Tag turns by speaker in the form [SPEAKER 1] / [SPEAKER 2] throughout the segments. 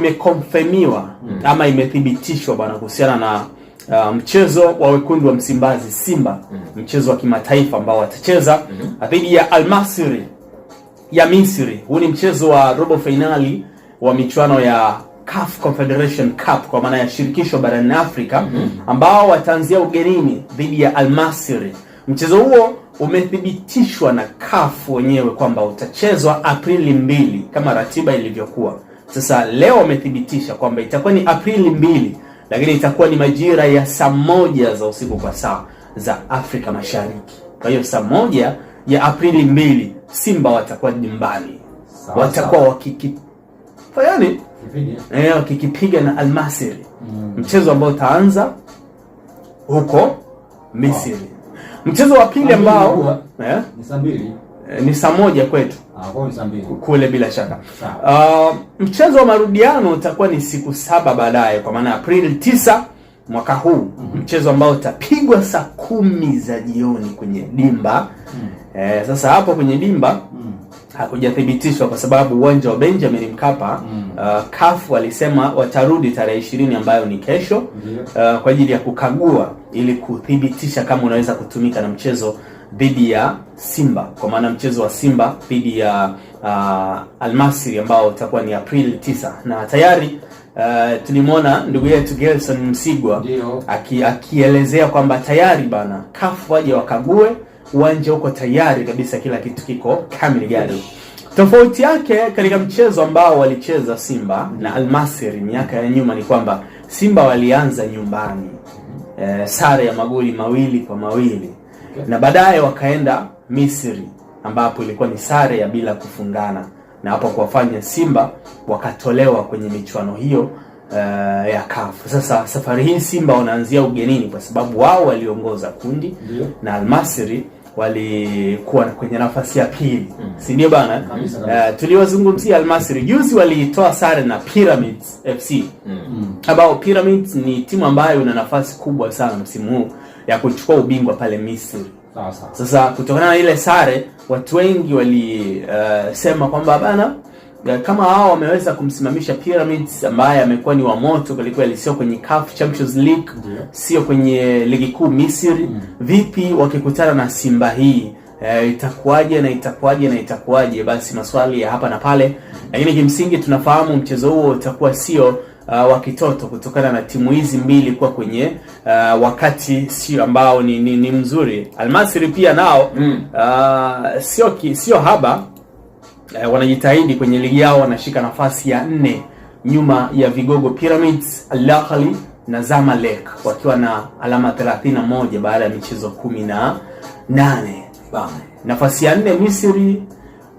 [SPEAKER 1] imekonfemiwa mm. ama imethibitishwa bwana kuhusiana na uh, mchezo wa wekundu wa Msimbazi Simba mm. mchezo wa kimataifa ambao watacheza mm -hmm. dhidi ya Almasri ya Misri. Huu ni mchezo wa robo finali wa michuano ya CAF Confederation Cup kwa maana ya shirikisho barani Afrika mm -hmm. ambao wataanzia ugenini dhidi ya Almasri. Mchezo huo umethibitishwa na CAF wenyewe kwamba utachezwa Aprili mbili kama ratiba ilivyokuwa. Sasa leo wamethibitisha kwamba itakuwa ni Aprili mbili, lakini itakuwa ni majira ya saa moja za usiku kwa saa za Afrika Mashariki. Kwa hiyo saa moja ya Aprili mbili Simba watakuwa nyumbani, watakuwa wakiki yani eh? eh, wakikipiga na Almasiri mm. mchezo ambao utaanza huko Misri wow. mchezo wa pili ambao eh? ni saa mbili Eh, ni saa moja kwetu ah, kule, bila shaka uh, mchezo wa marudiano utakuwa ni siku saba baadaye, kwa maana Aprili tisa mwaka huu mm -hmm. mchezo ambao utapigwa saa kumi za jioni kwenye dimba mm -hmm. eh, sasa hapo kwenye dimba mm -hmm. hakujathibitishwa kwa sababu uwanja wa Benjamin Mkapa mm -hmm. uh, ah, kafu alisema watarudi tarehe ishirini ambayo ni kesho mm -hmm. uh, kwa ajili ya kukagua ili kuthibitisha kama unaweza kutumika na mchezo dhidi ya Simba kwa maana mchezo wa Simba dhidi ya uh, ah, Almasiri ambao utakuwa ni Aprili 9 na tayari uh, tulimwona ndugu yetu Gelson Msigwa aki, akielezea kwamba tayari bana kafu waje wakague uwanja uko tayari kabisa, kila kitu kiko kamili gari. Tofauti yake katika mchezo ambao walicheza Simba na Almasiri miaka ya nyuma ni kwamba Simba walianza nyumbani, eh, sare ya magoli mawili kwa mawili na baadaye wakaenda Misri ambapo ilikuwa ni sare ya bila kufungana, na hapo kuwafanya Simba wakatolewa kwenye michuano hiyo uh, ya CAF. Sasa safari hii Simba wanaanzia ugenini kwa sababu wao waliongoza kundi yeah, na Almasri walikuwa kwenye nafasi ya pili mm. si ndio bana? Uh, tuliwazungumzia Almasri juzi, walitoa sare na Pyramids FC mm. ambao Pyramids ni timu ambayo ina nafasi kubwa sana msimu huu ya kuchukua ubingwa pale Misri. Sasa kutokana na ile sare, watu wengi walisema eh, uh, kwamba bana kama hao wameweza kumsimamisha Pyramids ambaye amekuwa ni wa moto kweli sio kwenye CAF Champions League yeah. sio kwenye ligi kuu Misri mm. Vipi wakikutana na Simba hii e, itakuwaje na itakuwaje na itakuwaje? Basi maswali ya hapa na pale, lakini kimsingi tunafahamu mchezo huo utakuwa sio Uh, wa kitoto kutokana na timu hizi mbili kuwa kwenye uh, wakati sio ambao ni, ni, ni mzuri. Almasri pia nao mm. uh, sio sio haba eh, wanajitahidi kwenye ligi yao, wanashika nafasi ya nne nyuma ya vigogo Pyramids, Al Ahly na Zamalek wakiwa na alama 31 baada ya michezo 18. Bana, nafasi ya nne Misri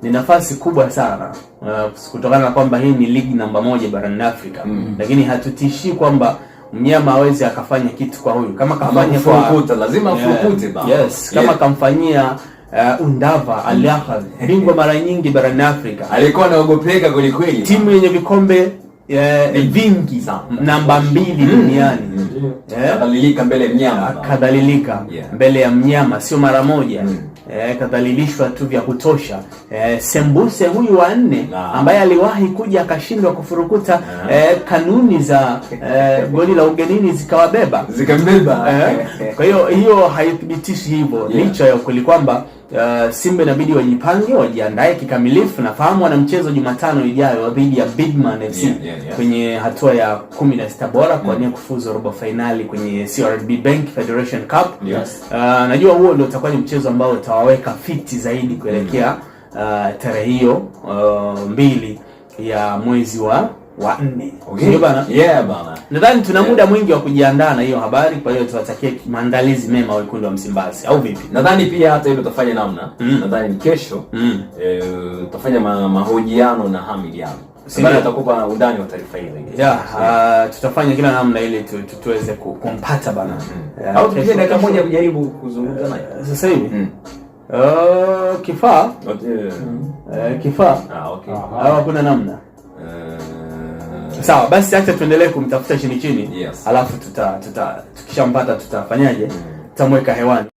[SPEAKER 1] ni nafasi kubwa sana uh, kutokana na kwamba hii ni ligi namba moja barani Afrika mm. Lakini hatutishi kwamba mnyama aweze akafanya kitu kwa huyu kama kafanya
[SPEAKER 2] kwa... lazima afukute yeah.
[SPEAKER 1] Yes. Kama yeah. kamfanyia Uh, Undava mm. Al-Ahly bingwa mara nyingi barani Afrika,
[SPEAKER 2] alikuwa anaogopeka kweli kweli,
[SPEAKER 1] timu yenye vikombe eh, vingi namba mbili mm. duniani mm.
[SPEAKER 2] yeah. kadhalilika mbele ya
[SPEAKER 1] mnyama, yeah. mbele ya mnyama sio mara moja mm e, kadhalilishwa tu vya kutosha e, Sembuse huyu wa nne ambaye aliwahi kuja akashindwa kufurukuta e, kanuni za e, goli la ugenini zikawabeba
[SPEAKER 2] zikambeba
[SPEAKER 1] e, kwa hiyo hiyo haithibitishi hivyo yeah. Licha ya ukweli kwamba Uh, Simba inabidi wajipange wajiandae kikamilifu. Nafahamu wana mchezo Jumatano ijayo dhidi ya Bigman FC yeah, yeah, yeah. kwenye hatua ya kumi na sita bora mm. kwa nia kufuzu robo fainali kwenye crb Bank Federation Cup yes. Uh, najua huo ndio utakuwa ni mchezo ambao uta tutawaweka fiti zaidi kuelekea mm. uh, tarehe hiyo uh, mbili ya mwezi wa wa nne. Okay. Bana?
[SPEAKER 2] Yeah, bana.
[SPEAKER 1] Nadhani tuna muda yeah, mwingi wa kujiandaa na hiyo habari, kwa hiyo tuwatakie maandalizi mema wekundu wa Msimbazi au vipi?
[SPEAKER 2] Nadhani pia hata hilo tutafanya namna. Mm. Nadhani ni kesho mm, e, tutafanya ma mahojiano na Hamid Ally. Sasa atakupa undani wa taarifa hii Yeah,
[SPEAKER 1] yeah. Uh, tutafanya kila namna ili tu, tu, tuweze kumpata bana. Mm. Mm-hmm.
[SPEAKER 2] Yeah, au tupige dakika moja kujaribu kuzungumza naye.
[SPEAKER 1] Sasa hivi. Mm. Oh, kifaa eh, kifaa, ah, hakuna namna. Eh. Sawa, basi acha tuendelee kumtafuta chini chini, yes. Alafu tuta, tuta, tukishampata tutafanyaje? Hmm. Tutamweka hewani.